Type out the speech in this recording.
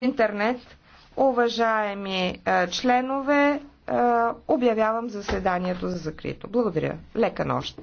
интернет. Уважаеми е, членове, е, обявявам заседанието за закрито. Благодаря. Лека нощ.